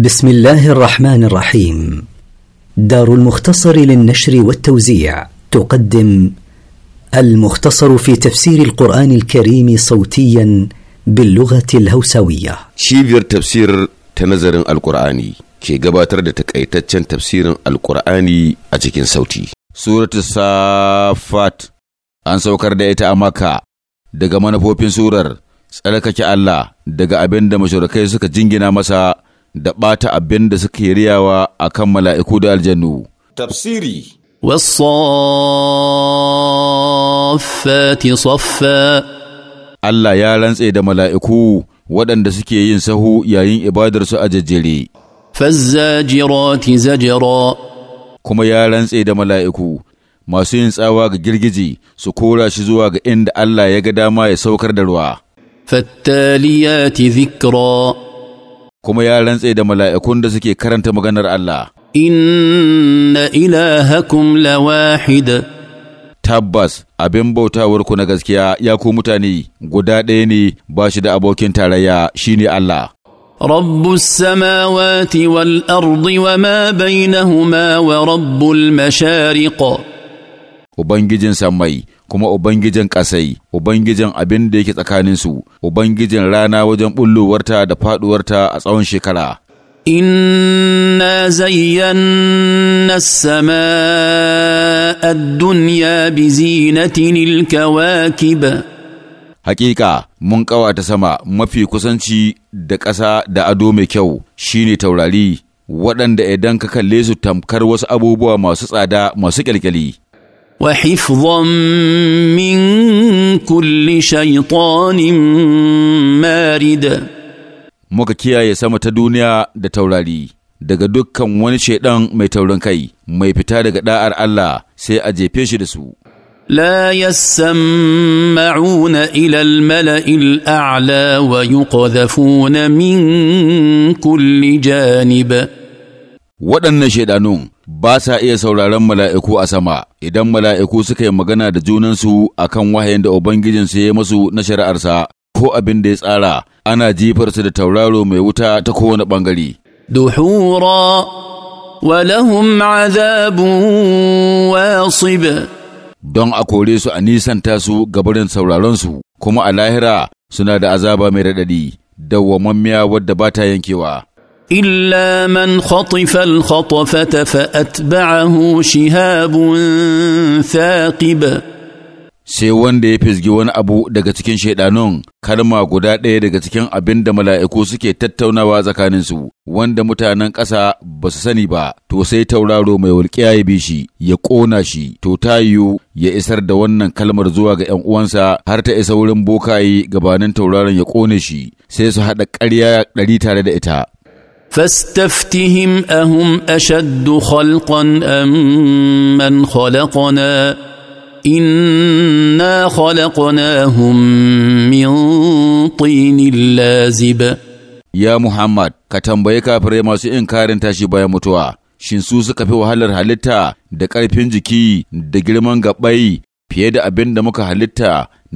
بسم الله الرحمن الرحيم دار المختصر للنشر والتوزيع تقدم المختصر في تفسير القرآن الكريم صوتيا باللغة الهوسوية شيفير تفسير تنظر القرآني كي قباتر تكأيتتشن تفسير القرآني أجيكين صوتي سورة الصافات أنسو سوكر دائتا أماكا daga manufofin surar tsarkake Allah daga abin da mashurakai suka jingina masa da ɓata abin da suke riyawa a kan mala'iku da aljanu. Tafsiri Wasaffati soffa Allah ya rantse da mala'iku waɗanda suke yin sahu yayin ibadarsu a jajjere. Fazzajirati zajira Kuma ya rantse da mala'iku masu yin tsawa ga girgiji su kora shi zuwa ga inda Allah ya ga dama ya saukar da ruwa. Fattaliyati zikra kuma ya rantse da mala'ikun da suke karanta maganar Allah. Inna ilahakum wahida Tabbas abin bautawarku na gaskiya ya ku mutane guda ɗaya ne ba shi da abokin tarayya shine Allah. Rabbu رب السماوات والأرض وما بينهما ورب المشارق وبنجي جنسا mai. kuma Ubangijin ƙasai, Ubangijin abin da yake tsakaninsu, Ubangijin rana wajen ɓullowarta da faɗuwarta a tsawon shekara. انا زينا السماء الدنيا بزينه الكواكب Haƙiƙa mun ƙawata sama mafi kusanci da ƙasa da ado mai kyau shine taurari waɗanda idan ka kalle su tamkar wasu abubuwa masu tsada masu ƙyalƙyali وحفظا من كل شيطان مارد muka kiyaye sama ta duniya da taurari daga dukkan wani shaidan mai taurin kai mai fita daga da'ar Allah sai a jefe shi da su لا يسمعون إلى الملأ الأعلى ويقذفون من كل جانب waɗannan shaidanun ba sa iya sauraron mala'iku a sama, idan mala'iku suka yi magana da junansu a kan wahayin da Ubangijinsu ya masu na shari'arsa ko abin da ya tsara, ana jifarsu da tauraro mai wuta ta kowane ɓangare. Duhura, walahum Don a kore su a nisanta su gabarin sauraronsu, kuma a lahira suna da azaba mai raɗaɗi, dawwamammiya wadda ba ta yankewa. إلا من خطف الخطفة فأتبعه شهاب ثاقب sai wanda ya fisgi wani abu daga cikin shaidanun kalma guda ɗaya daga cikin abin da mala'iku suke tattaunawa tsakaninsu wanda mutanen ƙasa ba su sani ba to sai tauraro mai walƙiya ya bi shi ya ƙona shi to ta yiwu ya isar da wannan kalmar zuwa ga 'yan uwansa har ta isa wurin bokayi gabanin tauraron ya ƙone shi sai su haɗa ƙarya ɗari tare da ita فاستفتهم اهم اشد خلقا ام من خلقنا انا خلقناهم من طين لازب ya Muhammad ka tambayi kafirai masu inkarin tashi bayan mutuwa shin su suka fi wahalar halitta da ƙarfin jiki da girman gaɓai fiye da abin da muka halitta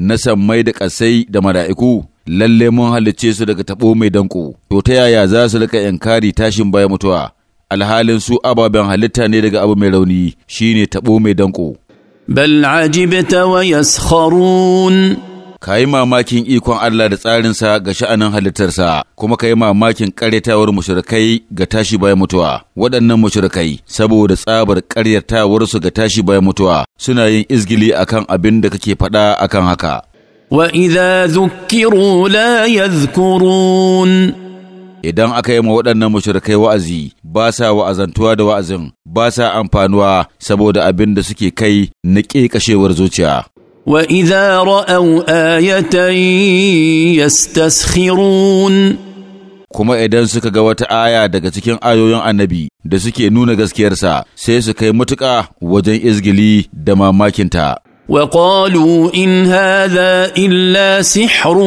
na sammai da ƙasai da mala'iku lalle mun halicce su daga tabo mai danko, to ta yaya za su rika yankari tashin baya mutuwa, alhalin su ababen halitta ne daga abu mai rauni shine taɓo mai danko. Bal ajibta wa yaskharun ka mamakin ikon Allah da tsarinsa ga sha'anin halittarsa, kuma ka mamakin ƙaryatawar mushrikai ga tashi bayan mutuwa. Waɗannan mushrikai, saboda tsabar ƙaryatawarsu ga tashi bayan mutuwa, suna yin izgili akan abin da kake faɗa akan haka. واذا ذكروا لا يذكرون idan aka yi ma waɗannan mashirkai wa'azi ba sa wa'azantuwa da wa'azin ba sa amfanuwa saboda abin da suke kai na ƙeƙashewar zuciya واذا راوا ايه يستسخرون kuma idan suka ga wata aya daga cikin ayoyin annabi da suke nuna gaskiyarsa sai su kai matuƙa wajen izgili da mamakinta وقالوا ان هذا الا سحر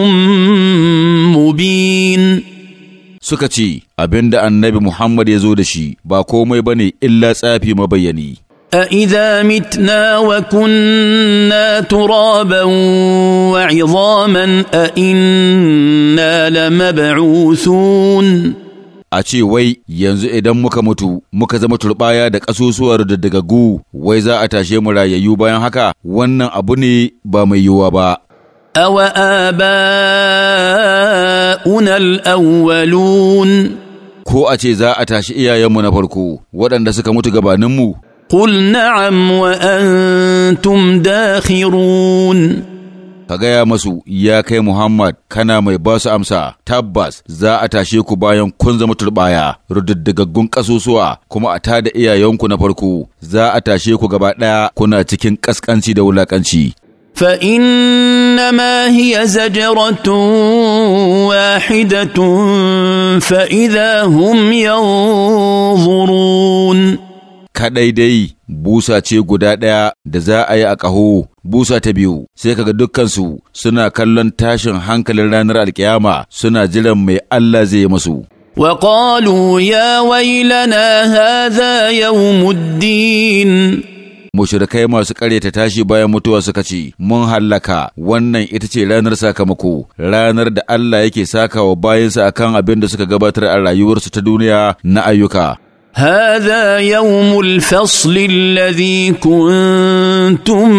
مبين suka ce abin da annabi Muhammad ya zo da shi ba komai ba ne illa tsafi mabayani. A idha mitna wa kunna turaban wa izaman a inna lamab'uthun. a ce wai yanzu idan muka mutu muka zama turbaya da daga daddagagu wai za a tashe mu rayayyu bayan haka wannan abu ne ba mai yiwuwa ba. Awa unal awwalun Ko a ce za a tashi iyayenmu na farko waɗanda suka mutu gabaninmu? Qul na'am wa antum dakhirun ka gaya masu ya kai Muhammad kana mai ba su amsa tabbas za a tashe ku bayan kun zama turbaya rududdigaggun kasusuwa kuma a tada iyayenku na farko za a tashe ku gaba ɗaya kuna cikin ƙasƙanci da wulaƙanci. فإنما هي زجرة واحدة فإذا هم ينظرون kaɗai dai busa ce guda ɗaya da za a yi a ƙaho busa ta biyu sai kaga dukkansu suna kallon tashin hankalin ranar alkiyama suna jiran mai Allah zai masu. وقالوا يا ويلنا هذا يوم الدين mushrikai masu karyata tashi bayan mutuwa suka ce mun hallaka wannan ita ce ranar sakamako ranar da Allah yake sakawa bayansa akan abin da suka gabatar a rayuwarsu ta duniya na ayyuka هذا يوم الفصل الذي كنتم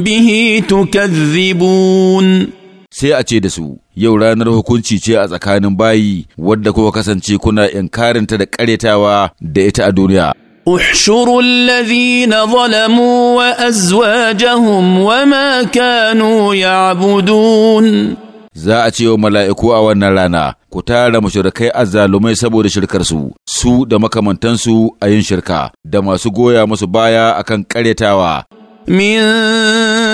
به تكذبون sai a ce da su yau ranar hukunci ce a tsakanin bayi wadda kuka kasance kuna inkarinta da karyatawa da ita a duniya احشروا الذين ظلموا وازواجهم وما كانوا يعبدون za a ce wa mala'iku a wannan rana, ku tara mashirkai azzalumai saboda shirkarsu, su da makamantansu a yin shirka, da masu goya musu baya akan karyatawa. من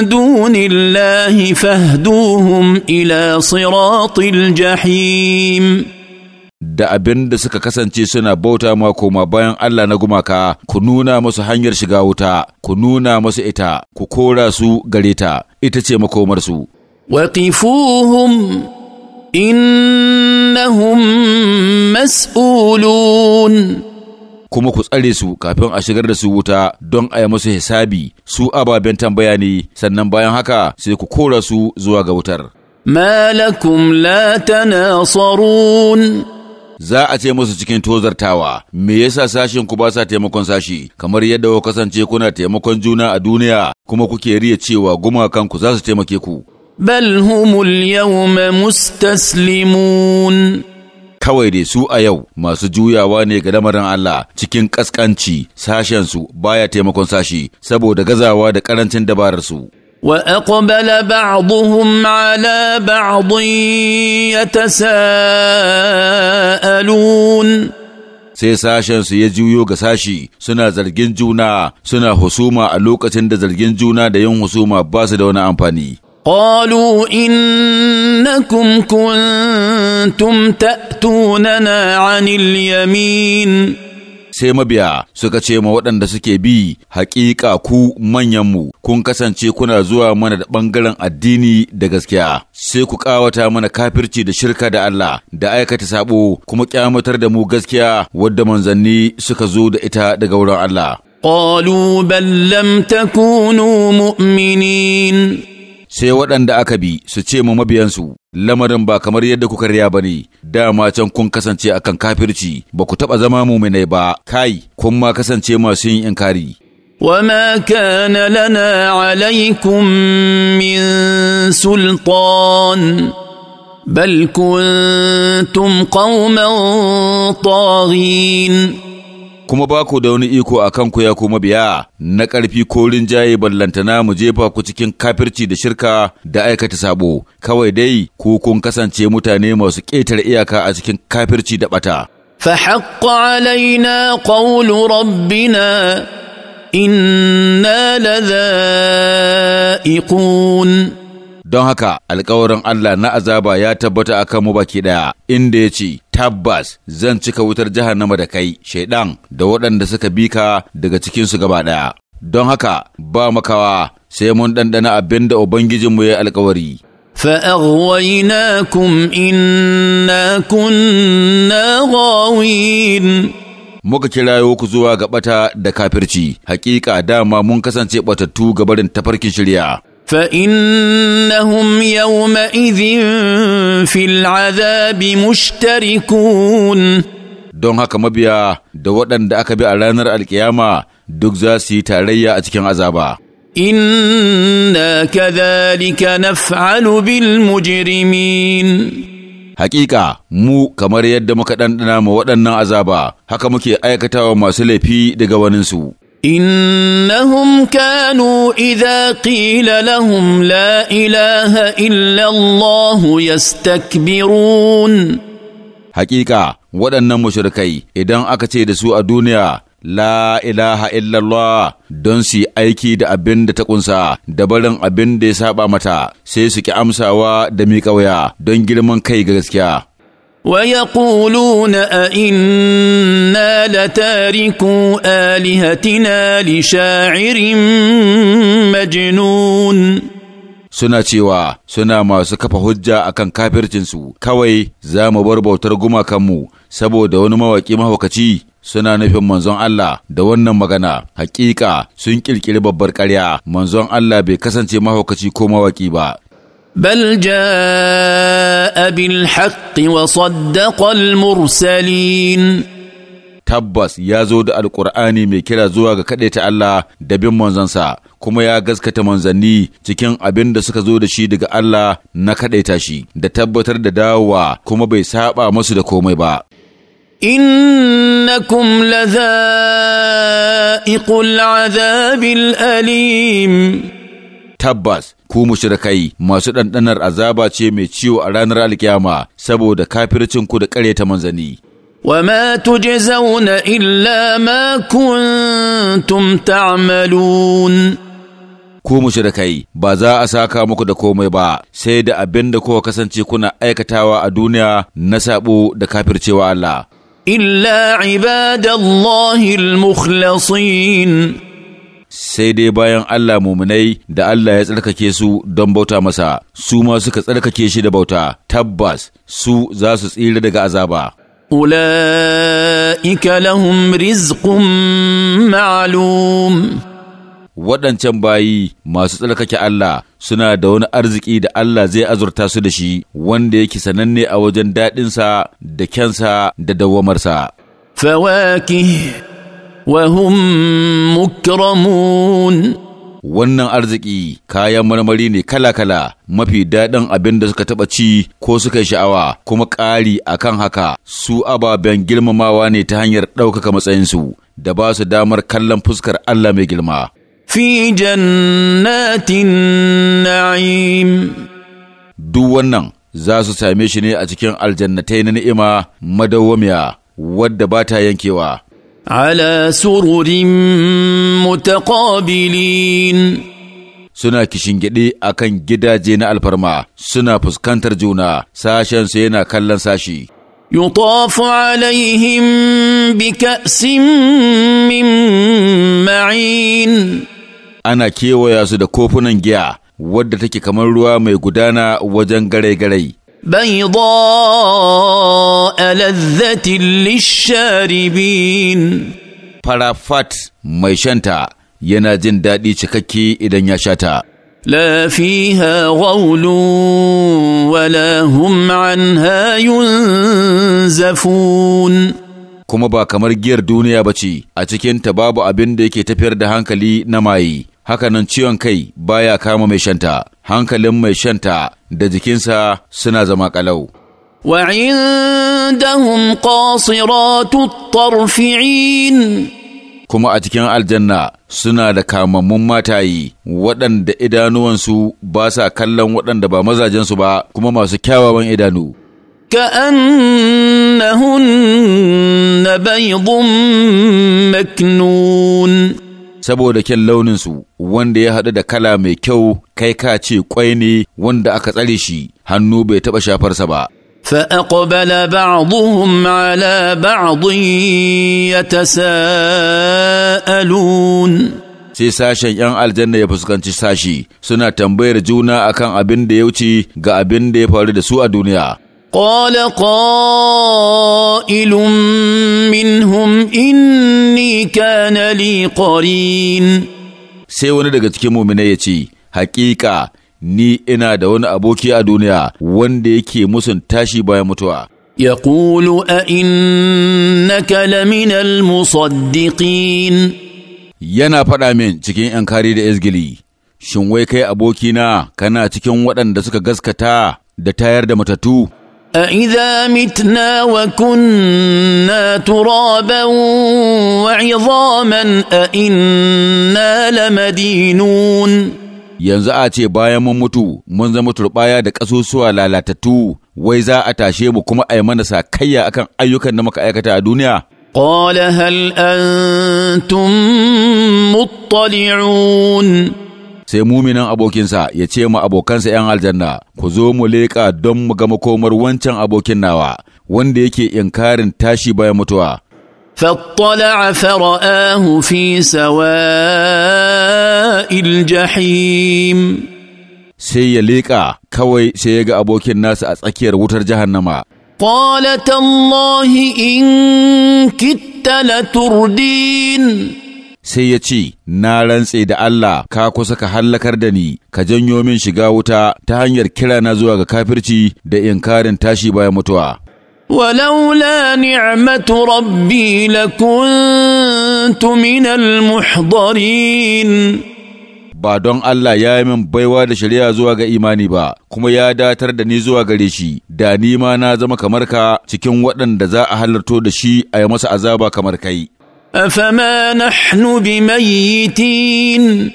دون الله فاهدوهم إلى صراط الجحيم da abin da suka kasance suna bauta ma koma bayan Allah na gumaka, ku nuna musu hanyar shiga wuta, ku nuna masu ita, ku kora su gare ta, ita ce makomarsu. وقفوهم إنهم مسؤولون kuma ku tsare su kafin a shigar da su wuta don a musu hisabi su ababen tambaya ne sannan bayan haka sai ku kora su zuwa ga wutar. Malakum la tanasarun Za a ce musu cikin tozartawa, me yasa sashen ku ba sa taimakon sashi, kamar yadda ku kasance kuna taimakon juna a duniya kuma kuke riya cewa gumakan ku za su taimake ku. bal humul yawma mustaslimun kawai dai su a yau masu juyawa ne ga lamarin Allah cikin ƙasƙanci sashensu baya taimakon sashi saboda gazawa da ƙarancin dabararsu. وأقبل بعضهم على بعض يتساءلون sai sashensu ya juyo ga sashi suna zargin juna suna husuma a lokacin da zargin juna da yin husuma ba su da wani amfani. قالوا انكم كنتم تاتوننا عن اليمين sai mabiya suka ce ma waɗanda suke bi haƙiƙa ku manyanmu kun kasance kuna zuwa mana da ɓangaren addini da gaskiya sai ku ƙawata mana kafirci da shirka da Allah da aikata sabo kuma ƙyamatar da mu gaskiya wadda manzanni suka zo da ita daga wurin Allah. Qalu bal lam takunu mu'minin sai waɗanda aka bi su ce mu mabiyansu lamarin ba kamar yadda kuka riya ba ne dama can kun kasance akan kafirci ba ku taɓa zama muminai ba kai kun ma kasance masu yin inkari وما كان لنا عليكم من سلطان بل كنتم قوما طاغين kuma ba ku da wani iko a kanku ya kuma biya na ƙarfi ko rinjaye ballantana mu jefa ku cikin kafirci da shirka da aikata sabo kawai dai ku kun kasance mutane masu ƙetare iyaka a cikin kafirci da ɓata. فحق علينا قول ربنا إنا لذائقون don haka alkawarin Allah na azaba ya tabbata a kan mu baki ɗaya, inda ya ce, Tabbas zan cika wutar jahannama da kai, shaidan da waɗanda suka bi ka daga su gaba ɗaya. Don haka ba makawa sai mun ɗanɗana abin da Ubangijinmu ya yi alkawari. فأغويناكم إنا كنا غاوين Muka kirayo ku zuwa ga ɓata da kafirci, hakika dama mun kasance ɓatattu ga barin tafarkin shirya. فانهم يومئذ في العذاب مشتركون don haka mabiya da waɗanda aka bi a ranar alkiyama duk za su yi tarayya a cikin azaba. Inna kadhalika naf'alu bil mujrimin. Hakika mu kamar yadda muka ɗanɗana ma waɗannan azaba haka muke aikatawa masu laifi daga waninsu. انهم كانوا اذا قيل لهم لا اله الا الله يستكبرون حقيقه waɗannan mushrikai idan aka ce da su a duniya la ilaha illallah don su yi aiki da abin da ta kunsa da barin abin da ya saba mata sai su ki amsawa da miƙa waya don girman kai ga gaskiya ويقولون أئنا لتاركو آلهتنا لشاعر مجنون suna cewa suna masu kafa hujja akan kafircinsu kawai za mu bar bautar gumakanmu saboda wani mawaƙi mahaukaci suna nufin manzon Allah da wannan magana hakika sun ƙirƙiri babbar ƙarya manzon Allah bai kasance mahaukaci ko mawaƙi ba بل جاء بالحق وصدق المرسلين tabbas ya zo da Alƙur'ani mai kira zuwa ga kaɗaita Allah da bin manzansa kuma ya gaskata manzanni cikin abin da suka zo da shi daga Allah na kaɗaita shi da tabbatar da dawowa kuma bai saɓa masu da komai ba innakum ladha'iqul azabil alim tabbas ku mushrikai masu ɗanɗanar azaba ce mai ciwo a ranar alkiyama saboda kafircinku da ta manzani. وما تجزون إلا ما كنتم تعملون ku mushrikai ba za a saka muku da komai ba sai da abin da kuka kasance kuna aikatawa a duniya na sabo da kafircewa Allah illa ibadallahi al-mukhlasin sai dai bayan Allah muminai da Allah ya tsarkake su don bauta masa, su ma suka tsarkake shi da bauta, tabbas su za su tsira daga azaba. Ula’ika lahum rizqun ma’alum waɗancan bayi masu tsarkake Allah suna da wani arziki da Allah zai azurta su da shi wanda yake sananne a wajen daɗinsa da kyansa da dawamarsa Fawakih وهم مكرمون wannan arziki kayan marmari ne kala-kala mafi daɗin abin da suka taɓa ci ko suka sha'awa kuma ƙari akan haka su ababen girmamawa ne ta hanyar ɗaukaka matsayinsu da ba su damar kallon fuskar Allah mai girma. Fi jannatin na'im Duk wannan za su same shi ne a cikin aljannatai na ni'ima madawwamiya wadda ba ta yankewa. على سرر متقابلين suna kishin a kan gidaje na alfarma suna fuskantar juna sashen su yana kallon sashi. yutafu alaihim بكأس min ma'in ana kewaya su da kofunan giya wadda take kamar ruwa mai gudana wajen gare garai بيضاء لذة للشاربين فرافات mai shanta yana jin daɗi cikakke idan ya sha لا فيها غول ولا هم عنها ينزفون kuma ba kamar giyar duniya ba ce a cikinta babu abin da yake tafiyar da hankali na maye hakanan ciwon kai baya kama mai shanta hankalin mai shanta da jikinsa suna zama ƙalau. وعندهم قاصرات الطرف عين kuma a cikin aljanna suna da kamammun matayi waɗanda idanuwansu ba sa kallon waɗanda ba mazajensu ba kuma masu kyawawan idanu كأنهن بيض مكنون saboda kyan launinsu wanda ya haɗu da kala mai kyau kai ka ce kwai ne wanda aka tsare shi hannu bai taɓa shafarsa ba. فأقبل بعضهم على بعض يتساءلون sai sashen 'yan aljanna ya fuskanci sashi suna tambayar juna akan abin da ya wuce ga abin da ya faru da su a duniya قال قائل منهم إني كان لي قرين sai wani daga cikin muminai ya ce hakika ni ina da wani aboki a duniya wanda yake musun tashi bayan mutuwa يقول أئنك لمن المصدقين yana faɗa min cikin ‘yan kari da izgili, shin wai kai abokina kana cikin waɗanda suka gaskata da tayar da matattu? أإذا متنا وكنا ترابا وعظاما أإنا لمدينون yanzu a ce bayan mun mutu mun zama turɓaya da ƙasusuwa lalatattu wai za a tashe mu kuma a yi mana sakayya akan ayyukan da muka aikata a duniya qala hal antum muttali'un sai muminan abokinsa ya ce ma abokansa ‘yan aljanna, ku zo mu leƙa don mu ga makomar wancan abokin nawa, wanda yake inkarin tashi bayan mutuwa. fattala'a فرآه fi سواء الجحيم sai ya leƙa kawai sai ya ga abokin nasa a tsakiyar wutar jahannama. قال in إن كدت turdin. sai ya ce, Na rantse da Allah, ka kusa ka hallakar da ni, ka janyo min shiga wuta ta hanyar kirana zuwa ga kafirci da inkarin tashi bayan mutuwa. ولولا نعمة ربي لكنت من المحضرين ba don Allah ya yi min baiwa da shari'a zuwa ga imani ba, kuma ya datar da ni zuwa gare shi, da ni ma na zama kamar ka cikin waɗanda za a halarto da shi a yi masa azaba kamar kai. أفما نحن بميتين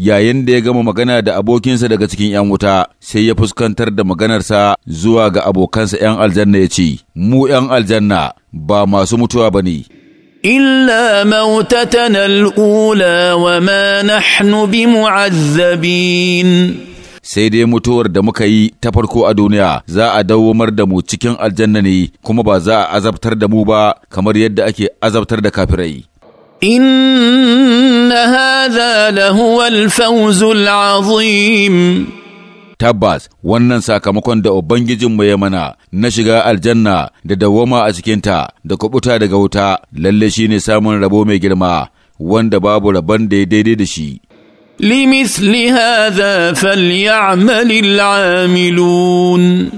yayin da ya gama magana da abokinsa daga cikin ‘yan wuta, sai ya fuskantar da maganarsa zuwa ga abokansa ‘yan aljanna ya ce, Mu ‘yan aljanna ba masu mutuwa ba ne. إلا wa ma nahnu bi mu'azzabin sai dai mutuwar da muka yi ta farko a duniya za a dawwamar da mu cikin aljanna ne kuma ba za a azabtar da mu ba kamar yadda ake azabtar da kafirai إن da huwal الفوز azim. tabbas wannan sakamakon da Ubangijinmu ya mana na shiga aljanna da dawwama a cikinta da kubuta daga wuta lalle shine samun rabo mai girma wanda babu rabon da ya daidai da shi. لمثل هذا فليعمل العاملون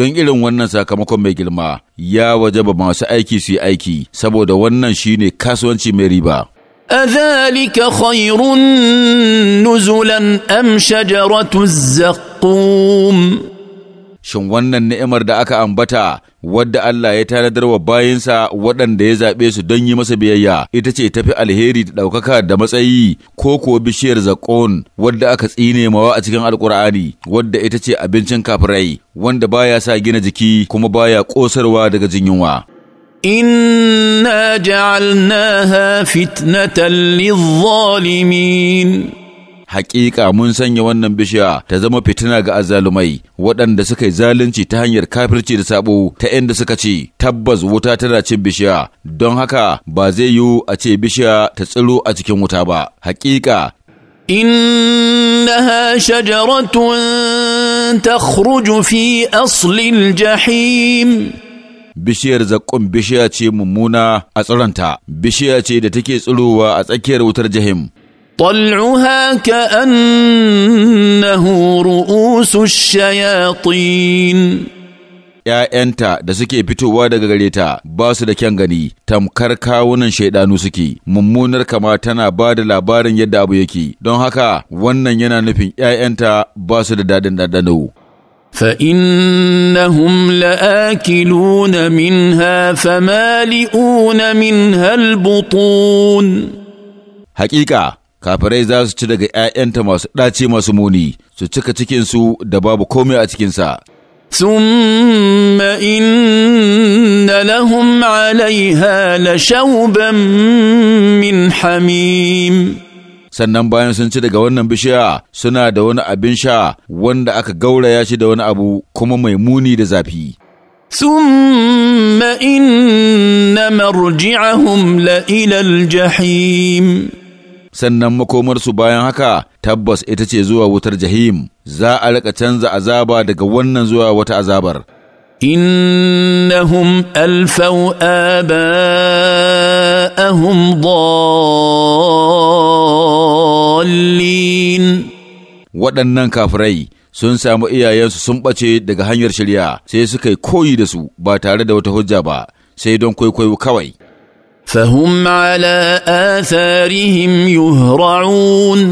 don irin wannan sakamakon mai girma ya wajaba masu aiki su yi aiki saboda wannan shine kasuwanci mai riba أذلك خير نزلا أم شجرة الزقوم shin wannan ni'imar da aka ambata wadda Allah ya tanadar wa bayinsa waɗanda ya zaɓe su don yi masa biyayya ita ce tafi alheri da ɗaukaka da matsayi ko kuwa bishiyar zakon wadda aka tsine mawa a cikin alkur'ani wadda ita ce abincin kafirai wanda baya sa gina jiki kuma baya ƙosarwa daga jin yunwa. Inna ja'alnaha fitnatan lil-zalimin Hakika mun sanya wannan bishiya ta zama fitina ga azzalumai waɗanda suka yi zalunci ta hanyar kafirci da sabo ta inda suka ce tabbas wuta tana cin bishiya don haka ba zai yiwu a ce bishiya ta tsiro a cikin wuta ba. Hakika إنها شجرة تخرج fi أصل الجحيم bishiyar zaƙon bishiya ce mummuna a tsiranta bishiya ce da take tsirowa a tsakiyar wutar jahim طلعها كأنه رؤوس الشياطين ‘Ya'yanta da suke fitowa daga gare ta ba su da kyan gani, tamkar kawunan shaidanu suke, mummunar kama tana ba da labarin yadda abu yake, don haka wannan yana nufin ‘ya'yanta ba su da daɗin ɗanɗano. فانهم لاكلون منها فمالئون منها البطون حقيقه kafirai za su ci daga ‘ya'yanta masu ɗace masu muni, su cika cikinsu da babu komai a cikinsa. ثم إن لهم عليها لشوبا من حميم sannan bayan sun ci daga wannan bishiya suna da wani abin sha wanda aka gauraya shi da wani abu kuma mai muni da zafi. ثم إن مرجعهم لإلى الجحيم sannan makomarsu bayan haka tabbas ita ce zuwa wutar jahim za a rika canza azaba daga wannan zuwa wata azabar إنهم ألفوا آباءهم ضالين waɗannan kafirai sun samu iyayensu sun ɓace daga hanyar shirya sai suka yi koyi da su ba tare da wata hujja ba sai don kwaikwayo kawai فهم على آثارهم يهرعون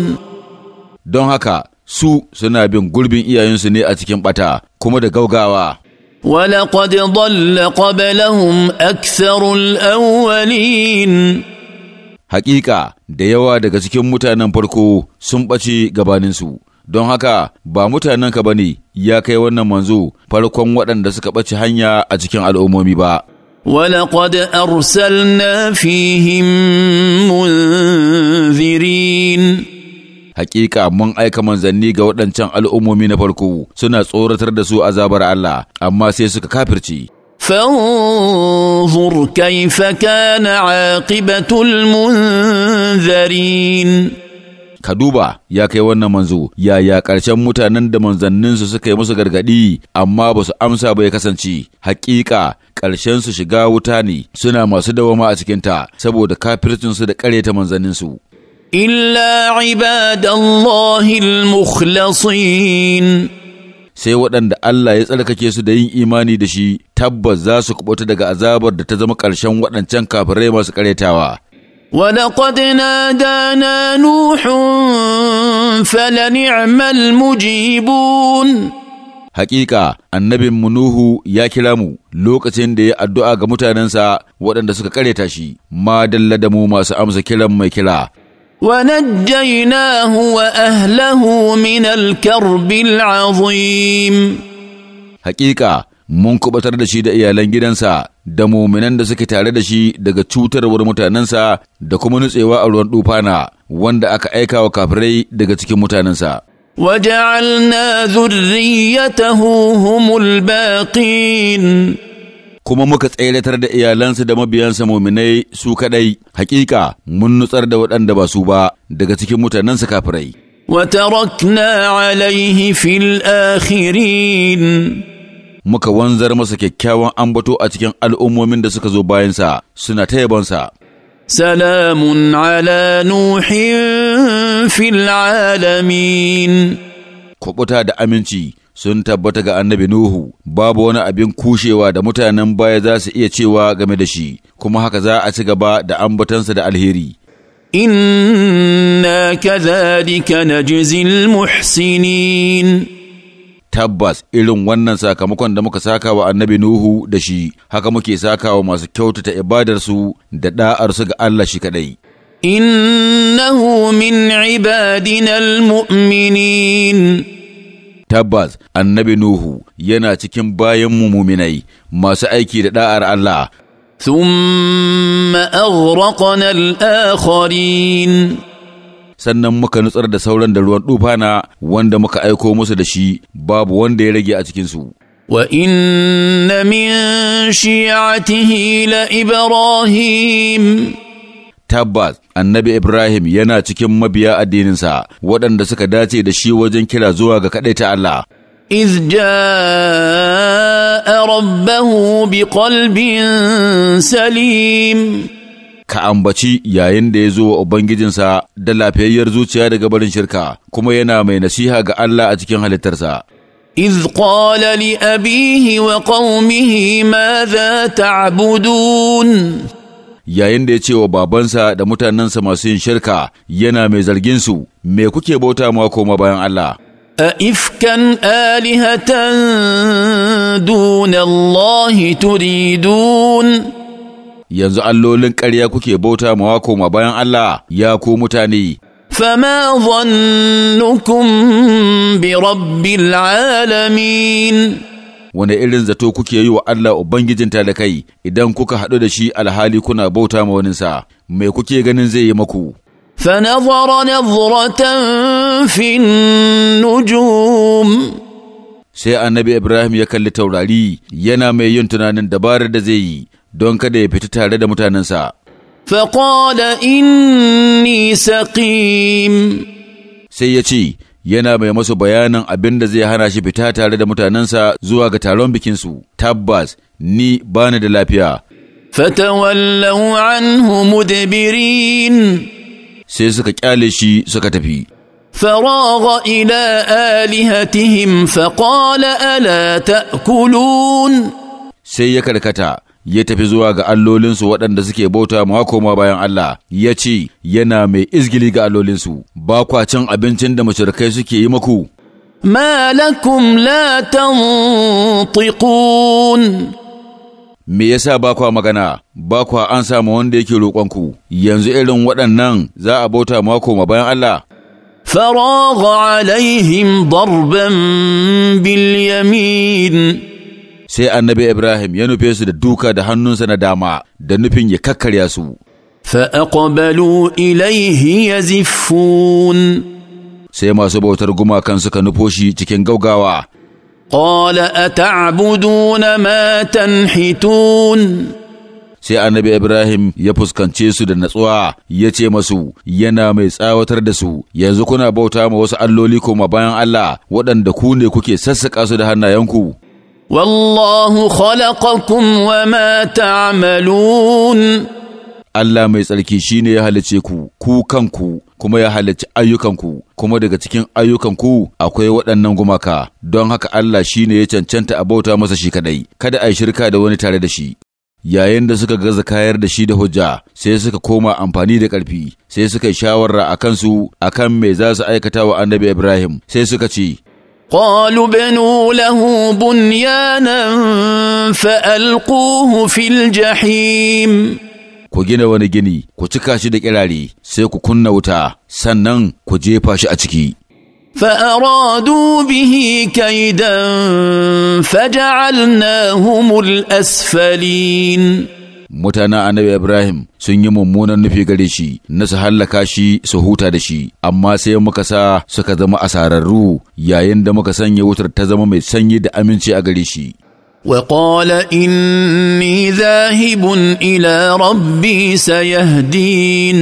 don haka su suna bin gurbin iyayensu ne a cikin ɓata kuma da gaugawa ولقد ضل قبلهم أكثر الأولين Haƙiƙa da yawa daga cikin mutanen farko sun ɓace gabaninsu don haka ba mutanenka ba ne ya kai wannan manzo farkon waɗanda suka ɓace hanya a cikin al'ummomi ba ولقد ارسلنا فيهم منذرين Hakika mun aika manzanni ga waɗancan al'ummomi na farko suna tsoratar da su azabar Allah, amma sai suka kafirci. فانظر كيف كان عاقبة المنذرين ka duba ya kai wannan manzo yaya ƙarshen mutanen da manzanninsu suka yi musu gargaɗi amma ba su amsa ba ya kasance hakika ƙarshen su shiga wuta ne suna masu dawama a cikinta saboda kafircinsu da ƙareta manzanninsu إلا عباد الله المخلصين sai waɗanda Allah ya tsarkake su da yin imani da shi tabbas za su kubuta daga azabar da ta zama ƙarshen waɗancan kafirai masu ƙaretawa ولقد نادانا نوح فلنعم المجيبون Haƙiƙa, annabin Nuhu ya kira mu lokacin da ya addu'a ga mutanensa waɗanda suka kareta shi, ma dalla da mu masu amsa kiran mai kira. ونجيناه ahlahu من الكرب العظيم. Haƙiƙa. mun kubatar da shi da iyalan gidansa da muminan da suke tare da shi daga cutarwar mutanensa da kuma nutsewa a ruwan dufana wanda aka aika wa kafirai daga cikin mutanensa. وجعلنا ذريته humul baƙin. kuma muka tseratar da iyalansa da mabiyansa muminai su kaɗai, hakika mun nutsar da waɗanda ba su ba daga cikin mutanensa kafirai na عليه fil akhirin muka wanzar masa kyakkyawan ambato a cikin al'ummomin da suka zo bayansa suna ta yabonsa. Salamun ala Nuhin fil alamin. Kuɓuta da aminci sun tabbata ga annabi Nuhu, babu wani abin kushewa da mutanen baya za su iya cewa game da shi, kuma haka za a ci gaba da ambatansa da alheri. Inna na najzil muhsinin. tabbas irin wannan sakamakon da muka saka wa annabi Nuhu da shi, haka muke saka wa masu kyautata ibadarsu da ɗa'arsu ga Allah shi kaɗai. Innahu min ibadinal mu'minin. Tabbas, annabi Nuhu yana cikin bayan muminai masu aiki da ɗa'ar Allah. ثم أغرقنا الآخرين sannan muka nutsar da sauran da ruwan na wanda muka aiko musu da shi babu wanda ya rage a cikinsu. وان من شيعته Ibrahim. tabbas annabi Ibrahim yana cikin mabiya addininsa waɗanda suka dace da shi wajen kira zuwa ga ta Allah. إذ جاء ربه بقلب Salim. ka ambaci yayin da ya zo wa Ubangijinsa da lafiyayyar zuciya daga barin shirka, kuma yana mai nasiha ga Allah a cikin halittarsa. إذ قال لأبيه وقومه ماذا تعبدون yayin da ya ce wa babansa da mutanensa masu yin shirka yana mai zarginsu me kuke bauta ma koma bayan Allah أئفكا آلهة دون الله turidun yanzu allolin ƙarya kuke bauta mawa ma bayan Allah ya ku mutane. فما bi Rabbi العالمين Wane irin zato kuke yi wa Allah Ubangijin da kai idan kuka haɗu da shi alhali kuna bauta ma waninsa, me kuke ganin zai yi maku? فنظر نظرة في النجوم sai annabi Ibrahim ya kalli taurari yana mai yin tunanin dabarar da zai yi don kada ya fita tare da mutanensa. Faƙoda inni saƙim. Sai ya ce, yana mai masu bayanin abin da zai hana shi fita tare da mutanensa zuwa ga taron bikinsu, tabbas ni bani da lafiya. Fatawallau anhu birin. Sai suka ƙyale shi suka tafi. فراغ ila alihatihim فقال alata kulun. sai ya karkata ya tafi zuwa ga allolinsu waɗanda suke bauta ma koma bayan Allah ya ce yana mai izgili ga allolinsu ba kwa cin abincin da mashirkai suke yi maku Malakum لكم لا تنطقون me yasa ba kwa magana ba kwa an samu wanda yake roƙonku yanzu irin waɗannan za a bauta ma koma bayan Allah alaihim darban bil yamin sai annabi Ibrahim ya nufe su da duka da hannunsa na dama da nufin ya kakkarya su. ilaihi ya zifun. sai masu bautar gumakan suka nufo shi cikin gaugawa. Ƙola قال أتعبدون matan hitun. sai annabi Ibrahim ya fuskance su da natsuwa ya ce masu yana mai tsawatar da su yanzu kuna bauta ma wasu alloli koma bayan Allah waɗanda ku ne kuke sassaƙa su da hannayenku. والله خلقكم وما تعملون Allah mai tsarki shi ne ya halicce ku, ku kanku, kuma ya ayyukan ayyukanku, kuma daga cikin ayyukanku akwai waɗannan gumaka, don haka Allah shi ne ya cancanta a bauta masa shi kadai, kada a yi shirka da wani tare da shi. Yayin da suka gaza kayar da shi da hujja, sai suka koma amfani da ƙarfi, sai suka yi shawara a kansu a kan me za su aikata wa annabi Ibrahim, sai suka ce, قالوا بنوا له بنيانا فألقوه في الجحيم ku gina wani gini ku cika shi da kirari sai ku kunna wuta sannan ku jefa shi a ciki فأرادوا به كيدا فجعلناهم الأسفلين mutanen annabi Ibrahim sun yi mummunan nufi gare shi na su hallaka shi su huta da shi amma sai muka sa suka zama asararru yayin da muka sanya wutar ta zama mai sanyi da aminci a gare shi وقال إني ذاهب إلى ربي سيهدين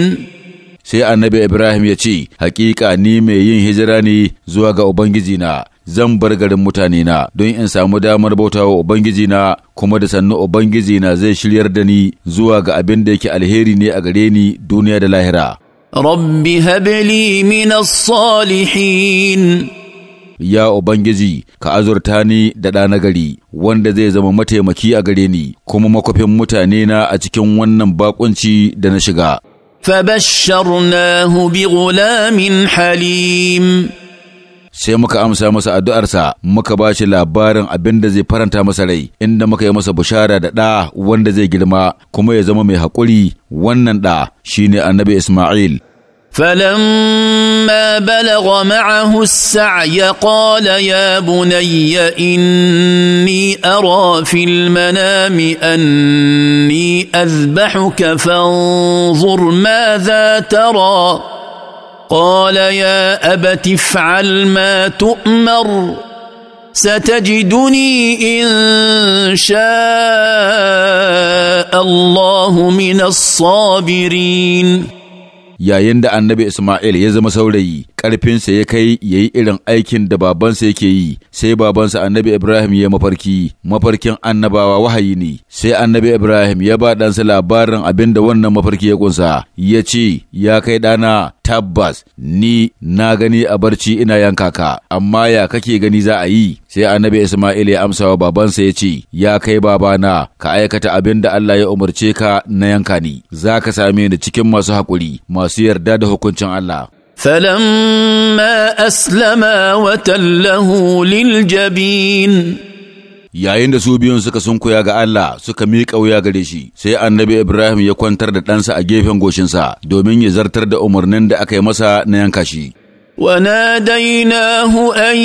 sai annabi Ibrahim ya ce, Hakika ni mai yin hijira ne zuwa ga Ubangijina, zan bar garin mutanena don in samu damar bauta bautawa na kuma da sannu Ubangiji na zai shiryar da ni zuwa ga abin da yake alheri ne a gare ni duniya da lahira. Rabbi habli min salihin Ya Ubangiji, ka azurta ni da ɗa nagari, wanda zai zama mataimaki a gare ni, kuma makwafin na a cikin wannan bakunci da na shiga. bi gulamin Halim. sai muka amsa masa addu'arsa muka ba shi labarin abin da zai faranta masa rai inda muka yi masa bushara da ɗa wanda zai girma kuma ya zama mai haƙuri wannan ɗa shine annabi Ismail. فلما بلغ معه السعي قال يا بني اني ارى في المنام اني اذبحك فانظر ماذا ترى قال يا ابت افعل ما تؤمر ستجدني ان شاء الله من الصابرين yayin da annabi Ismail ya zama saurayi ƙarfinsa ya kai ya yi irin aikin da babansa yake yi sai babansa annabi Ibrahim ya mafarki mafarkin annabawa wahayi ne sai annabi Ibrahim ya ba ɗansa labarin abin da wannan mafarki ya kunsa ya ce ya kai ɗana tabbas ni na gani a barci ina yanka ka amma ya kake gani za a yi sai annabi Ismail ya amsa wa babansa ya ce, Ya kai babana, ka aikata abin da Allah ya umarce ka na yanka ni, za ka same ni cikin masu haƙuri, masu yarda da hukuncin Allah. فلما أسلما وتله للجبين yayin da su biyun suka sunkuya ga Allah suka miƙa wuya gare shi sai annabi Ibrahim ya kwantar da ɗansa a gefen goshinsa domin ya zartar da umarnin da aka yi masa na yanka shi. وناديناه أن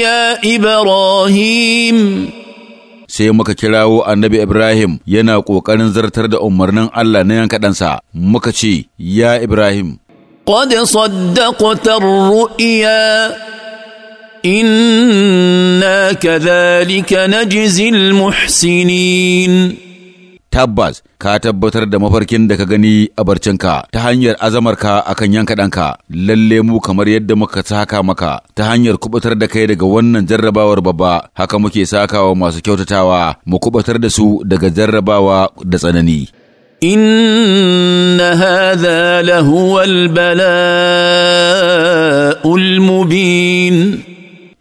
يا إبراهيم sai muka kirawo annabi Ibrahim yana ƙoƙarin zartar da umarnin Allah na yanka ɗansa, muka ce, Ya Ibrahim, قد صدقت الرؤيا inna كذلك نجزي muhsinin tabbas ka tabbatar da mafarkin da ka gani a barcinka ta hanyar azamarka a kan yanka ɗanka lalle mu kamar yadda muka saka maka ta hanyar kubutar da kai daga wannan jarrabawar babba haka muke sakawa masu kyautatawa mu kubutar da su daga jarrabawa da tsanani Inna هذا lahuwal bala ulmubin.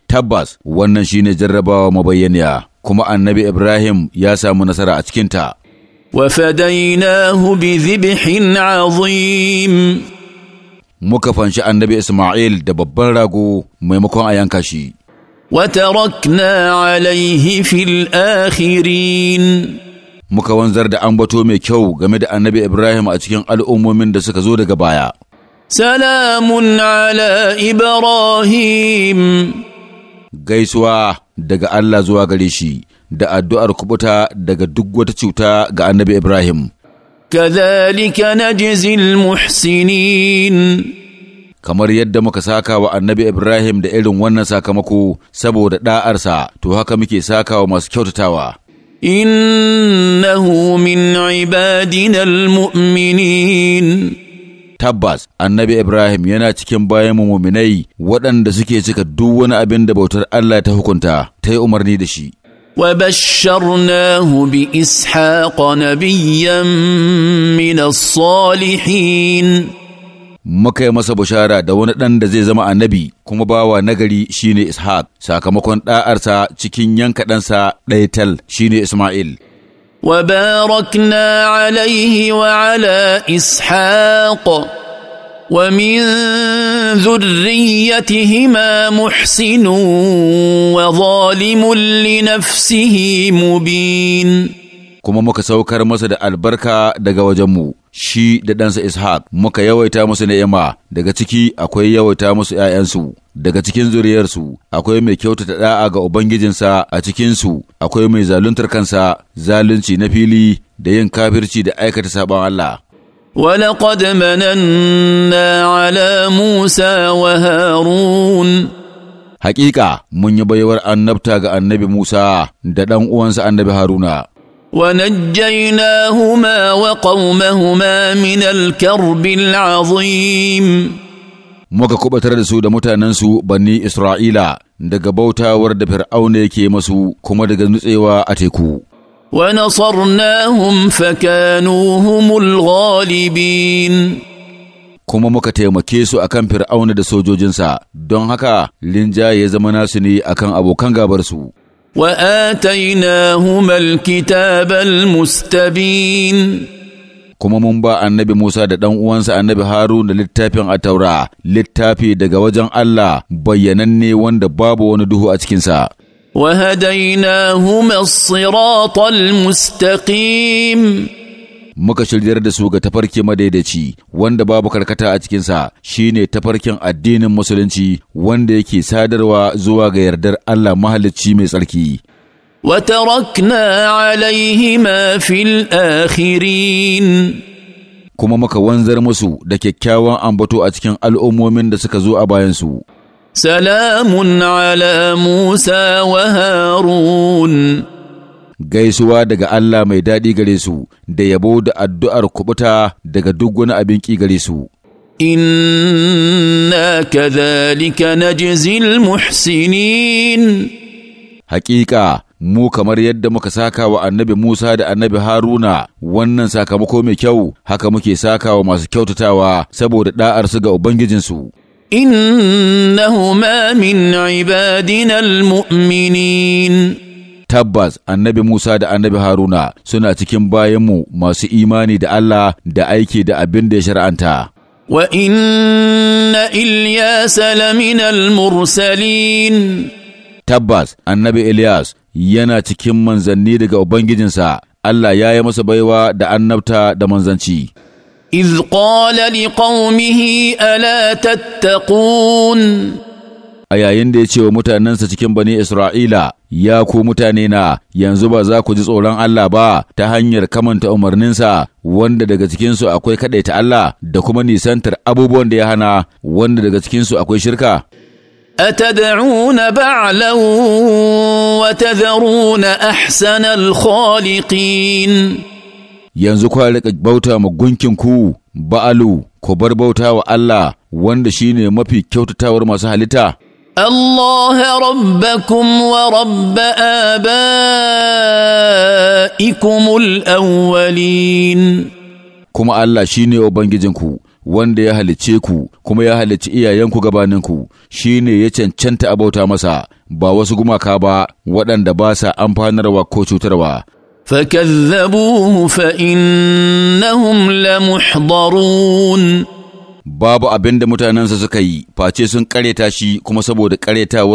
tabbas wannan shine jarrabawa mabayyaniya kuma annabi Ibrahim ya samu nasara a cikinta وفديناه بذبح عظيم muka fanshi annabi Ismail da babban rago maimakon a yanka shi. وتركنا 'alaihi fil akhirin. muka wanzar da ambato mai kyau game da annabi Ibrahim a cikin al'ummomin da suka zo daga baya. Salamun ala Ibrahim Gaisuwa daga Allah zuwa gare shi. da addu'ar kubuta daga duk wata cuta ga annabi Ibrahim. Kazalika jizil muhsinin Kamar yadda muka saka wa annabi Ibrahim da irin wannan sakamako saboda ɗa'arsa, to haka muke saka wa masu kyautatawa. Innahu min ibadinal mu'minin tabbas annabi Ibrahim yana cikin bayan muminai waɗanda suke cika duk wani abin da bautar Allah ta hukunta ta yi umarni da shi. وبشرناه باسحاق نبيا من الصالحين muka yi masa bushara da wani ɗan da zai zama annabi kuma bawa nagari shine ishaq sakamakon ɗa'arsa cikin yanka ɗansa ɗaital shine isma'il وباركنا عليه وعلى اسحاق ومن ذريتهما محسن وظالم لنفسه مبين kuma muka saukar masa da albarka daga wajenmu shi da ɗansa ishaq muka yawaita musu ni'ima daga ciki akwai yawaita musu ‘ya'yansu daga cikin zuriyarsu akwai mai kyautata ɗa'a ga ubangijinsa a cikinsu akwai mai zaluntar kansa zalunci na fili da yin kafirci da aikata sabon Allah ولقد مننا على موسى وهارون حقيقة من يبيور النبتة النبي موسى ددان أوانس النبي هارون ونجيناهما وقومهما من الكرب العظيم muka kubatar da su da mutanensu banni Isra'ila daga bautawar da Fir'auna yake masu kuma daga nutsewa a teku. ونصرناهم فكانوا هم الغالبين kuma muka taimake su akan fir'auna da sojojinsa don haka linja ya zama nasu ne akan abokan gabarsu وآتيناهما الكتاب mustabin. kuma mun ba annabi Musa da ɗan uwansa annabi Harun da littafin a taura, littafi daga wajen Allah bayyananne wanda babu wani duhu a cikinsa. وهديناهما الصراط المستقيم muka shiryar da su ga tafarki madaidaici wanda babu karkata a cikinsa shine tafarkin addinin musulunci wanda yake sadarwa zuwa ga yardar Allah mahalicci mai tsarki. وتركنا عليهما في akhirin. kuma muka wanzar musu da kyakkyawan ambato a cikin al'ummomin da suka zo a bayansu. سلام على موسى وهارون gaisuwa daga Allah mai daɗi gare su da yabo da addu'ar kubuta daga duk wani abin ƙi gare su. Inna kadhalika najzil muhsinin Hakika mu kamar yadda muka saka wa annabi Musa da annabi Haruna wannan sakamako mai kyau haka muke saka wa masu kyautatawa saboda ɗa'arsu ga Ubangijinsu. innahuma min ibadina almu'minin tabbas annabi Musa da annabi Haruna suna cikin bayanmu masu imani da Allah da aiki da abin da ya shar'anta wa inna ilyasa laminal mursalin tabbas annabi Ilyas yana cikin manzanni daga ubangijinsa Allah ya yi masa baiwa da annabta da manzanci اذ قال لقومه الا تتقون a yayin da ya ce wa mutanensa cikin bani Isra'ila, Ya ku mutane na, yanzu ba za ku ji tsoron Allah ba ta hanyar kamanta umarninsa, wanda daga cikinsu akwai kaɗaita Allah da kuma nisantar abubuwan da ya hana, wanda daga cikinsu akwai shirka. أتدعون بعلا وتذرون ahsanal الخالقين yanzu kwa rika bauta ma gunkin ku ba'alu ku bar bauta wa Allah wanda shine mafi kyautatawar masu halitta الله ربكم ورب آبائكم الأولين كما الله شيني أوبانجيجنكو wanda ya halicce ku kuma ya halicci iyayenku gabaninku shine ya cancanta abauta masa ba wasu gumaka ba waɗanda ba sa amfanarwa ko cutarwa فكذبوه فإنهم لمحضرون babu abin da mutanensa suka yi face sun kareta shi kuma saboda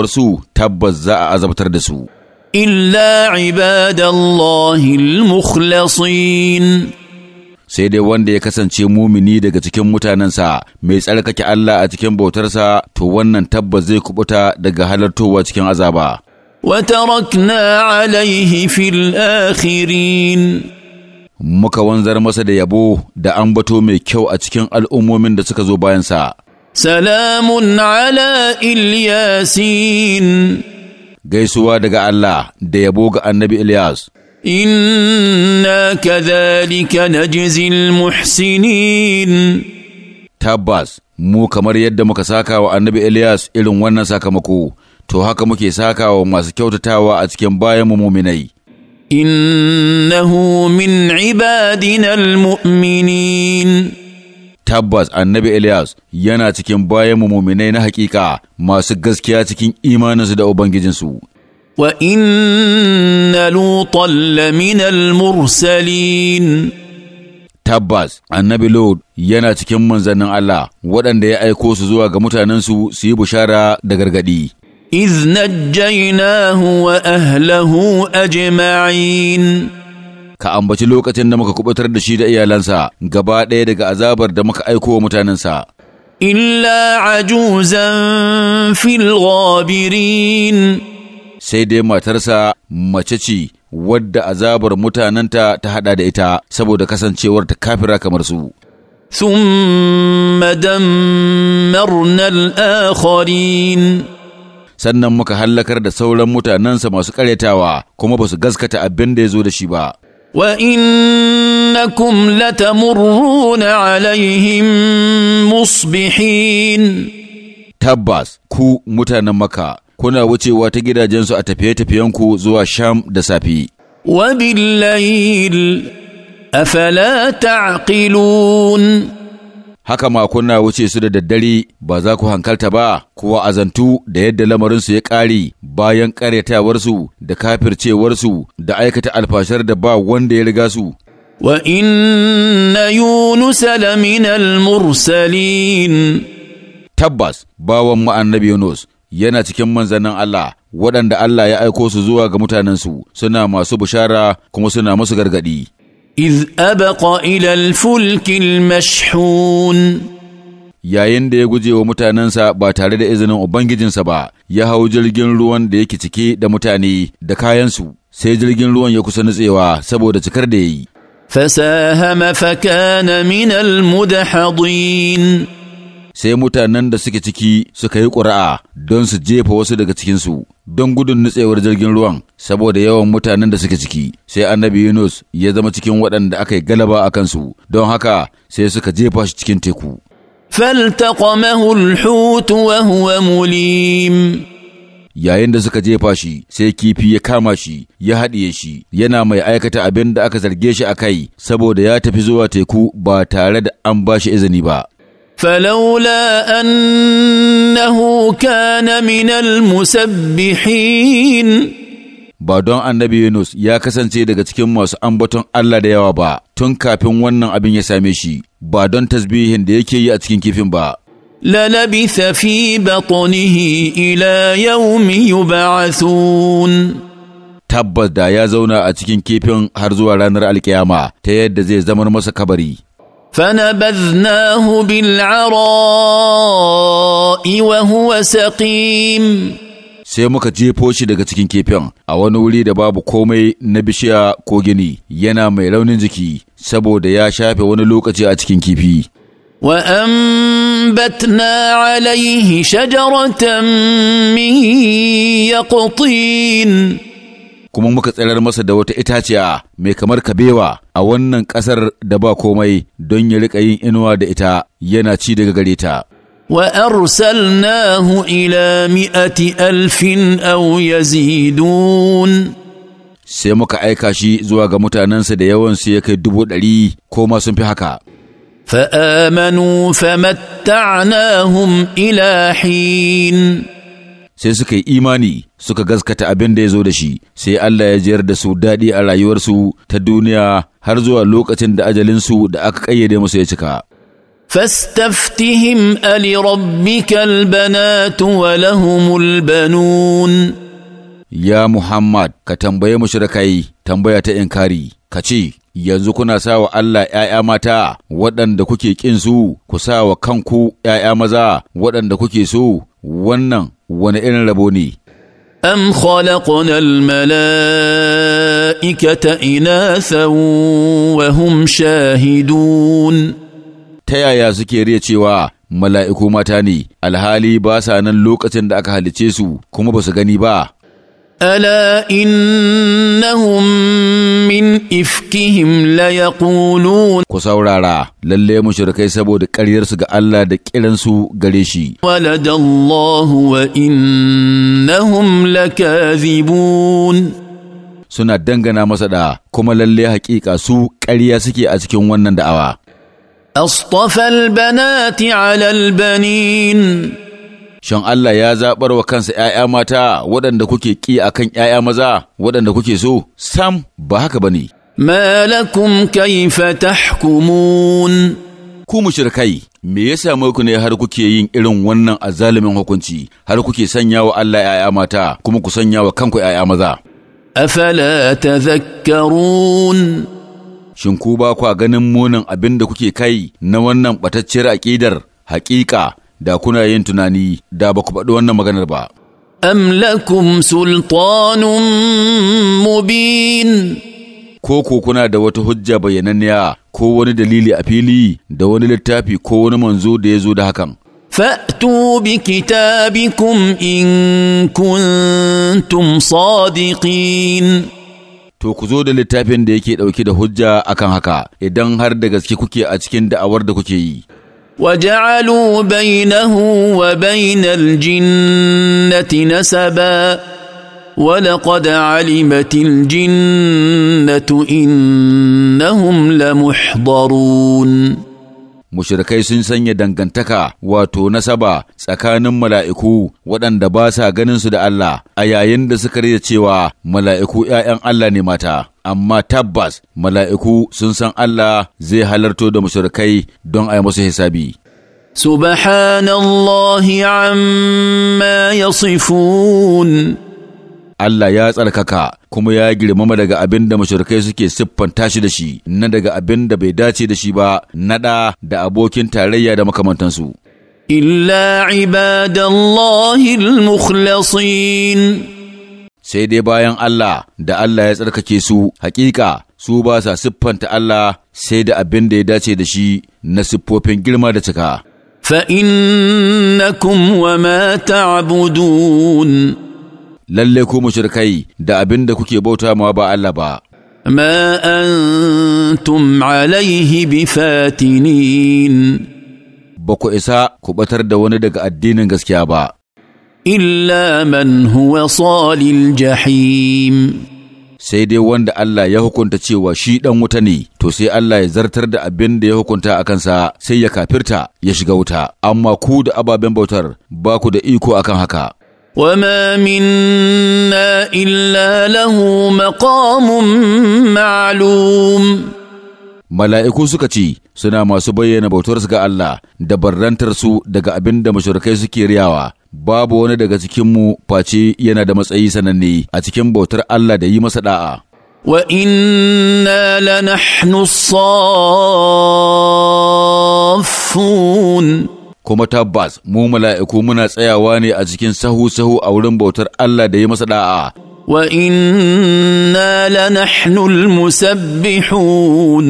su tabbas za a azabtar da su illa ibadallahi al sai dai wanda ya kasance mumini daga cikin mutanensa mai tsarkake Allah a cikin bautarsa to wannan tabbas zai kubuta daga halartowa cikin azaba وتركنا عليه في الآخرين muka wanzar masa da yabo da ambato mai kyau a cikin al'ummomin da suka zo bayansa. Salamun ala Ilyasin Gaisuwa daga Allah da yabo ga annabi Ilyas. Inna kadhalika jizil muhsinin Tabbas, mu kamar yadda muka saka wa annabi Ilyas irin wannan sakamako. to haka muke sakawa masu kyautatawa a cikin bayan mu muminai. Innahu min ibadinal mu'minin Tabbas annabi Elias yana cikin bayan mu muminai na hakika masu gaskiya cikin imaninsu da Ubangijinsu. Wa inna lutalla laminal mursalin. Tabbas annabi Lord yana cikin manzannin Allah waɗanda ya aiko su zuwa ga mutanensu su yi bushara da gargaɗi. إذ نجيناه وأهله أجمعين ka ambaci lokacin da muka kubutar da shi da iyalansa gaba ɗaya daga azabar da muka aiko wa mutanensa. Illa ajuzan fil ghabirin sai dai matarsa mace ce wadda azabar mutanenta ta haɗa da ita saboda kasancewar ta kafira kamar su. ثم دمرنا الآخرين sannan muka hallakar da sauran mutanensa masu karyatawa kuma ba su gaskata abin da ya zo da shi ba. Wa innakum latamurruna alaihim musbihin. Tabbas ku mutanen maka, kuna wucewa ta gidajensu a tafiye-tafiyenku zuwa Sham da safi. Wa billayil afala ta'qilun. haka makonna wuce su da daddare ba za ku hankalta ba, kuwa azantu da yadda lamarinsu ya ƙare bayan ƙaryatawarsu da kafircewarsu da aikata alfashar da ba wanda ya riga su. Wa inna Yunus laminal mursalin. Tabbas, bawan mu annabi Yunus yana cikin manzannin Allah waɗanda Allah ya aiko su zuwa ga mutanensu suna masu bishara kuma suna masu gargaɗi. إذ أبق إلى الفلك المشحون yayin da ya guje wa mutanensa ba tare da izinin Ubangijinsa ba, ya hau jirgin ruwan da yake cike da mutane da kayansu, sai jirgin ruwan ya kusa nutsewa saboda cikar da ya yi. فساهم فكان من المدحضين sai mutanen da suke ciki suka yi ƙura'a don su jefa wasu daga cikinsu don gudun nutsewar jirgin ruwan saboda yawan mutanen da suke ciki sai annabi yunus ya zama cikin waɗanda aka yi galaba a kansu don haka sai suka jefa shi cikin teku yayin da suka jefa shi sai kifi ya kama shi ya haɗiye shi yana mai aikata abin da aka zarge shi a kai saboda ya tafi zuwa teku ba tare da an bashi izini ba فلولا أنه كان من المسبحين ba don annabi Yunus ya kasance daga cikin masu ambaton Allah da yawa ba tun kafin wannan abin ya same shi ba don tasbihin da yake yi a cikin kifin ba lalabitha fi batnihi ila yawmi yub'athun tabbas da ya zauna a cikin kifin har zuwa ranar alkiyama ta yadda zai zamar masa kabari فنبذناه بالعراء وهو سقيم sai muka jefo shi daga cikin kefin a wani wuri da babu komai na bishiya ko gini yana mai raunin jiki saboda ya shafe wani lokaci a cikin kifi وأنبتنا 'alaihi شجرة من يقطين kuma muka tsirar masa da wata itaciya mai kamar kabewa a wannan ƙasar da ba komai don ya riƙa yin inuwa da ita yana ci daga gare ta. وأرسلناه إلى مئة ألف أو يزيدون sai muka aika shi zuwa ga mutanensa da yawan su ya kai dubu ɗari ko ma sun fi haka. fa فمتعناهم ila Ilahin. sai suka yi imani suka gaskata abin da ya zo da shi sai Allah ya jiyar da su daɗi a rayuwarsu ta duniya har zuwa lokacin da ajalinsu da aka ƙayyade musu ya cika. فاستفتهم ألربك البنات ولهم البنون يا محمد ta مشركي تنبية Ka ce, yanzu kuna sa wa Allah ‘ya'ya mata waɗanda kuke ƙin su, ku sa wa kanku ‘ya'ya maza waɗanda kuke so, wannan wani irin rabo ne. an خلقنا ina إناثا shahidun ta yaya suke riya cewa mala'iku mata ne alhali ba sa nan lokacin da aka halice su kuma ba su gani ba الا انهم من افكهم ليقولون lallai lalle mushrikai saboda ƙaryarsu ga Allah da kiransu gare shi waladallahu wa'innahum innahum lakathibun suna dangana masa da kuma lalle haƙiƙa su ƙarya suke a cikin wannan da'awa astafa albanati ala albanin shan Allah ya zaɓar wa kansa ‘ya'ya mata waɗanda kuke ƙi a kan ‘ya'ya maza waɗanda kuke so, sam ba haka ba ne. Ma kai kaifa tahkumun. Ku mushrikai, me ya same ku ne har kuke yin irin wannan azalimin hukunci, har kuke sanya wa Allah ‘ya'ya mata, kuma ku sanya wa kanku ‘ya'ya maza. Afala tazakkarun. Shin ku ba kwa ganin munin abin da kuke kai na wannan ɓatacciyar aƙidar, haƙiƙa da kuna yin tunani da ba ku faɗi wannan maganar ba. Am lakum sultanun mubin Ko ko kuna da wata hujja bayyananniya ko wani dalili a fili da wani littafi ko wani manzo da ya zo da hakan. Fa'tu bi kitabikum in kuntum sadiqin. to ku zo da littafin da yake ɗauke da hujja akan haka idan har da gaske kuke a cikin da'awar da kuke yi. وجعلوا بينه وبين الجنه نسبا ولقد علمت الجنه انهم لمحضرون mushrikai sun sanya dangantaka wato nasaba tsakanin mala'iku waɗanda ba sa ganinsu da Allah a yayin da suka rage cewa mala'iku ‘ya'yan Allah ne mata. amma tabbas mala'iku sun san Allah zai halarto da mushrikai don a yi musu hisabi. Subhanallah, amma ya sifun. Allah ya tsarkaka kuma ya girmama daga abin da mashirkai suke siffanta shi da shi, na daga abin da bai dace da shi ba, naɗa da abokin tarayya da makamantansu. Illa ibadallahi al sai dai bayan Allah da Allah ya tsarkake su hakika su ba sa siffanta Allah sai da abin da ya dace da shi na siffofin girma da cika. wa وما تعبدون lalle ku mushrikai da abin da kuke bauta ma ba Allah ba ما 'alaihi عليه fatinin. ba ku isa ku batar da wani daga addinin gaskiya ba إلا من هو صال الجحيم sai dai wanda Allah ya hukunta cewa shi ɗan wuta ne, to sai Allah ya zartar da abin da ya hukunta a kansa sai ya kafirta ya shiga wuta, amma ku da ababen bautar ba ku da iko akan haka. وما minna illa lahu maqamun ma'lum Mala'iku suka ce, Suna masu bayyana bautar su ga Allah da barrantar su daga abin da mashirkai suke riyawa, babu wani daga cikinmu face yana da matsayi sananne a cikin bautar Allah da yi masa da'a. Wa inna lanahnu saffun Kuma tabbas mu mala'iku muna tsayawa ne a cikin sahu-sahu a wurin bautar Allah da yi masa da'a. Wa inna lanahnul musabbihun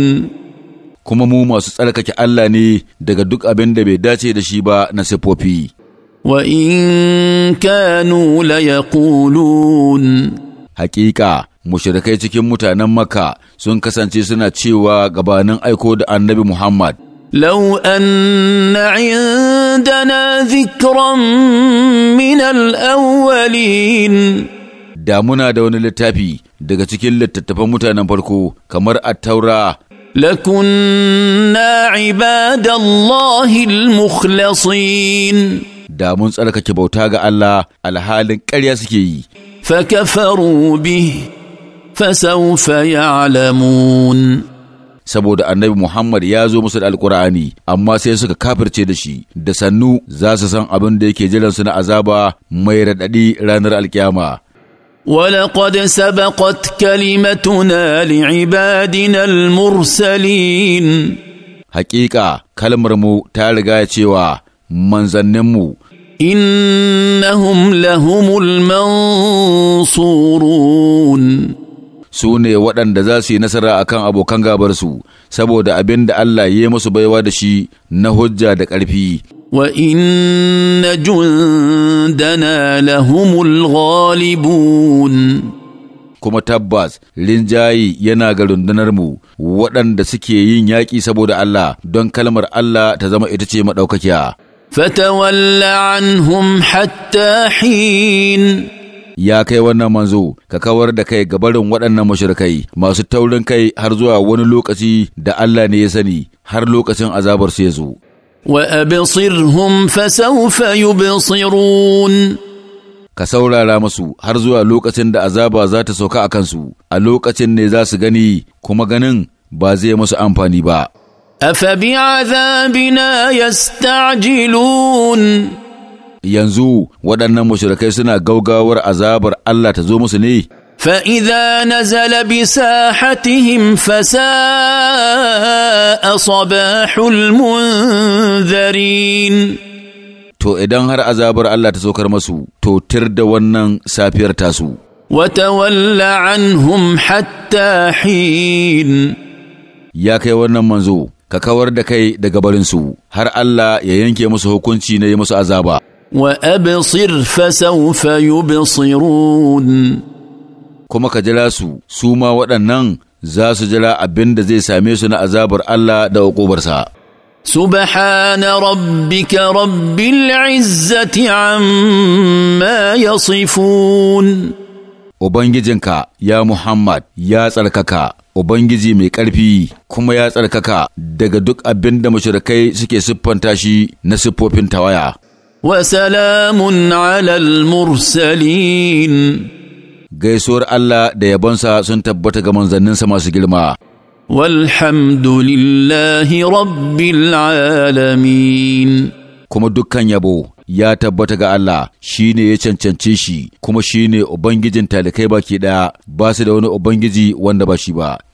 Kuma mu masu tsarkake Allah ne daga duk abin da bai dace da shi ba na siffofi. وإن كانوا ليقولون حقيقة mushirikai cikin mutanen Makka sun kasance suna cewa gabanin aiko da Annabi Muhammad لو أن عندنا ذكرا من الأولين da muna da wani littafi daga cikin littattafan mutanen farko kamar attaura lakunna عباد الله da mun tsarkake bauta ga Allah alhalin ƙarya suke yi. Fakafaru bi, fasaufa ya'lamun. Saboda annabi Muhammad ya zo musu da Alƙur'ani, amma sai suka kafirce da shi, da sannu za su san abin da yake jiran su na azaba mai raɗaɗi ranar alkiyama. ولقد سبقت كلمتنا لعبادنا المرسلين حقيقة كلمة ta تارغا cewa mu. innahum lahumul mansurun su ne waɗanda za su yi nasara a kan abokan gabarsu saboda abin da Allah ya musu baiwa da shi na hujja da ƙarfi wa inna jundana lahumul ghalibun kuma tabbas linjayi yana ga rundunarmu waɗanda suke yin yaƙi saboda Allah don kalmar Allah ta zama ita ce maɗaukakiya. فتول عنهم hatta حين ya kai wannan manzo ka kawar da kai ga barin waɗannan mushrikai masu taurin kai har zuwa wani lokaci da Allah ne ya sani har lokacin azabar su yazo wa absirhum fasawfa yubsirun ka saurara masu har zuwa lokacin da azaba za ta sauka a kansu a lokacin ne za su gani kuma ganin ba zai musu amfani ba أفبعذابنا يستعجلون yanzu waɗannan mashirikai suna gaugawar azabar Allah ta zo musu ne. فإذا نزل بساحتهم فساء صباح المنذرين To idan har azabar Allah ta saukar masu, to tir da wannan safiyar tasu. Watawalla anhum hatta hin. Ya kai wannan manzo, ka kawar da kai daga barinsu har Allah ya yanke musu hukunci na yi musu azaba. Wa absir fasawfa yubsirun Kuma ka jira su, su ma waɗannan za su jira abin da zai same su na azabar Allah da uƙubarsa. سبحان ربك رب العزة عما يصفون Ubangijinka, ya Muhammad, ya tsarkaka. Ubangiji mai ƙarfi kuma ya tsarkaka daga duk abin da mashirkai suke siffanta shi na siffofin tawaya. Wasalamun alal mursalin. gaisuwar Allah da yabonsa sun tabbata ga manzanninsa masu girma. Walhamdulillahi rabbil alamin. Kuma dukkan yabo ya tabbata ga Allah shi ne ya cancanci shi kuma shi ne Ubangijin talikai baki ɗaya ba su da wani Ubangiji wanda ba shi ba.